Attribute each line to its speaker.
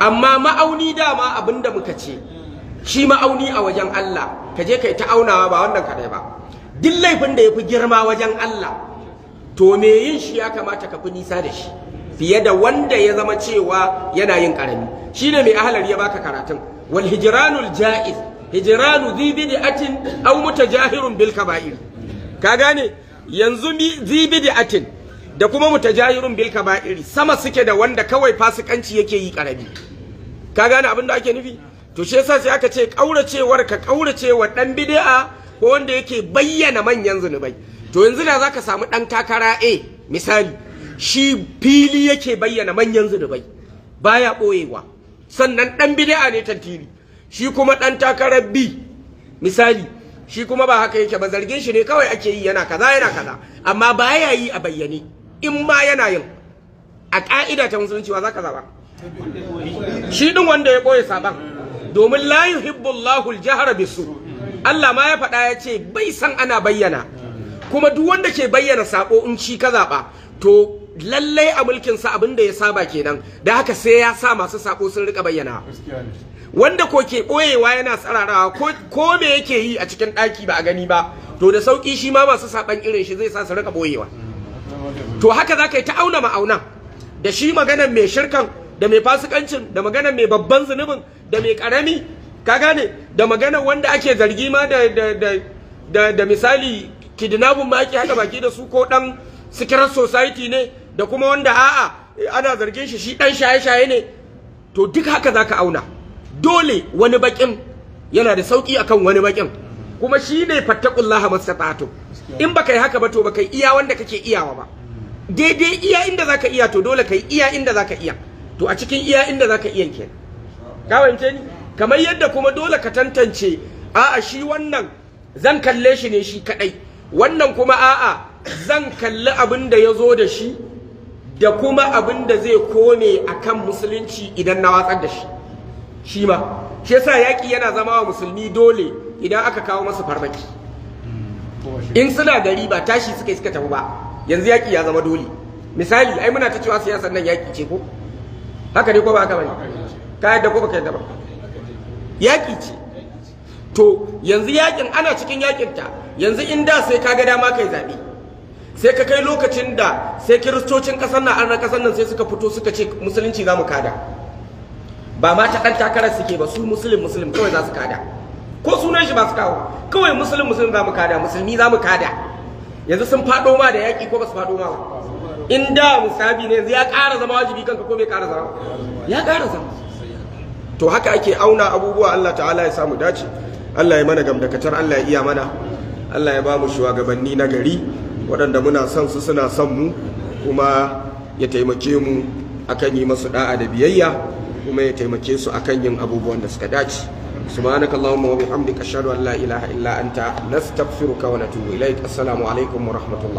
Speaker 1: amma ma'auni dama abinda muka ce shi ma'auni a wajen Allah ka je kai ta aunawa ba wannan kaɗai ba duk laifin da yafi girma wajen Allah to me yin shi ya kamata ka fi nisa da shi fiye da wanda ya zama cewa yana yin karami shine mai ahalar ya baka karatun wal hijranul ja'iz hijranu atin aw mutajahirun bil kaba'ir ka gane yanzu atin. da kuma mutajahirun bil iri sama suke da wanda kawai fasikanci yake yi karami ka gane abin da ake nufi to shi yasa sai aka ce kauracewar ka kauracewa dan bid'a ko wanda yake bayyana manyan zunubai to yanzu na zaka samu dan takara A misali shi fili yake bayyana manyan zunubai baya boyewa sannan dan bid'a ne tantiri shi kuma dan takara B misali shi kuma ba haka yake ba zargin shi ne kawai ake yi yana kaza yana kaza amma baya yi a bayyane in ma yana yin a ka'ida ta musulunci wa zaka zaba shi din wanda ya boye saban domin la yuhibbullahu al-jahra bisu Allah ma ya faɗa ya ce bai san ana bayyana kuma duk wanda ke bayyana saɓo in ci ka zaba to lallai a sa abin da ya saba kenan da haka sai ya sa masu sako sun rika bayyana wanda ko ke boyewa yana tsararawa ko me yake yi a cikin ɗaki ba a gani ba to da sauki shi ma masu saban irin shi zai sa su rika boyewa to haka za ka yi ta auna ma'aunan da shi maganan mai shirkan da mai fasikancin da maganan mai babban zunubin da mai karami ka gane da maganan wanda ake zargi ma da misali kidnapping ma ake haɗa baki da su ko dan secret society ne da kuma wanda a'a ana zargin shi shi dan shaye-shaye ne to duk haka za ka auna dole wani bakin yana da sauki akan wani bakin kuma shi ne fattakullaha mastata'tum in baka yi haka ba to baka iya wanda kake iyawa ba daidai iya inda zaka iya to dole kai iya inda zaka iya to a cikin iya inda zaka iya ke ka wance ni kamar yadda kuma dole ka tantance a'a shi wannan zan kalle shi ne shi kadai wannan kuma a'a zan kalli abin da ya zo da shi da kuma abin da zai kome a kan musulunci idan na watsar da shi shi ma shi yasa yaƙi yana zama wa musulmi dole idan aka kawo masa farmaki in suna gari ba tashi suka suka tafi ba yanzu yaƙi ya zama dole misali ai muna ta cewa siyasar nan yaƙi ce ko haka ne ko ba haka bane ka yadda ko baka yadda ba yaƙi ce to yanzu yaƙin ana cikin yaƙin ta yanzu in da sai ka ga dama kai zaɓe sai ka kai lokacin da sai kiristocin ƙasar nan arna ƙasar nan sai suka fito suka ce musulunci za mu kada ba ma ta ɗan takarar suke ba su musulun musulun kawai za su kada ko sunan shi ba su kawo kawai musulun musulun za mu kada musulmi za mu kada yanzu sun faɗo ma da yaƙi ko ba su faɗo ma in da musabi ne ya ƙara zama wajibi kanka ko bai ƙara zama ya ƙara zama to haka ake auna abubuwa Allah ta'ala ya samu dace Allah ya mana gamdakatar Allah ya iya mana Allah ya ba mu shugabanni na gari waɗanda muna son su suna son mu kuma ya taimake mu akan yi masu da'a da biyayya kuma ya taimake su akan yin abubuwan da suka dace subhanaka allahumma wa bihamdika ashhadu an la ilaha illa anta nastaghfiruka wa natubu ilaik assalamu alaikum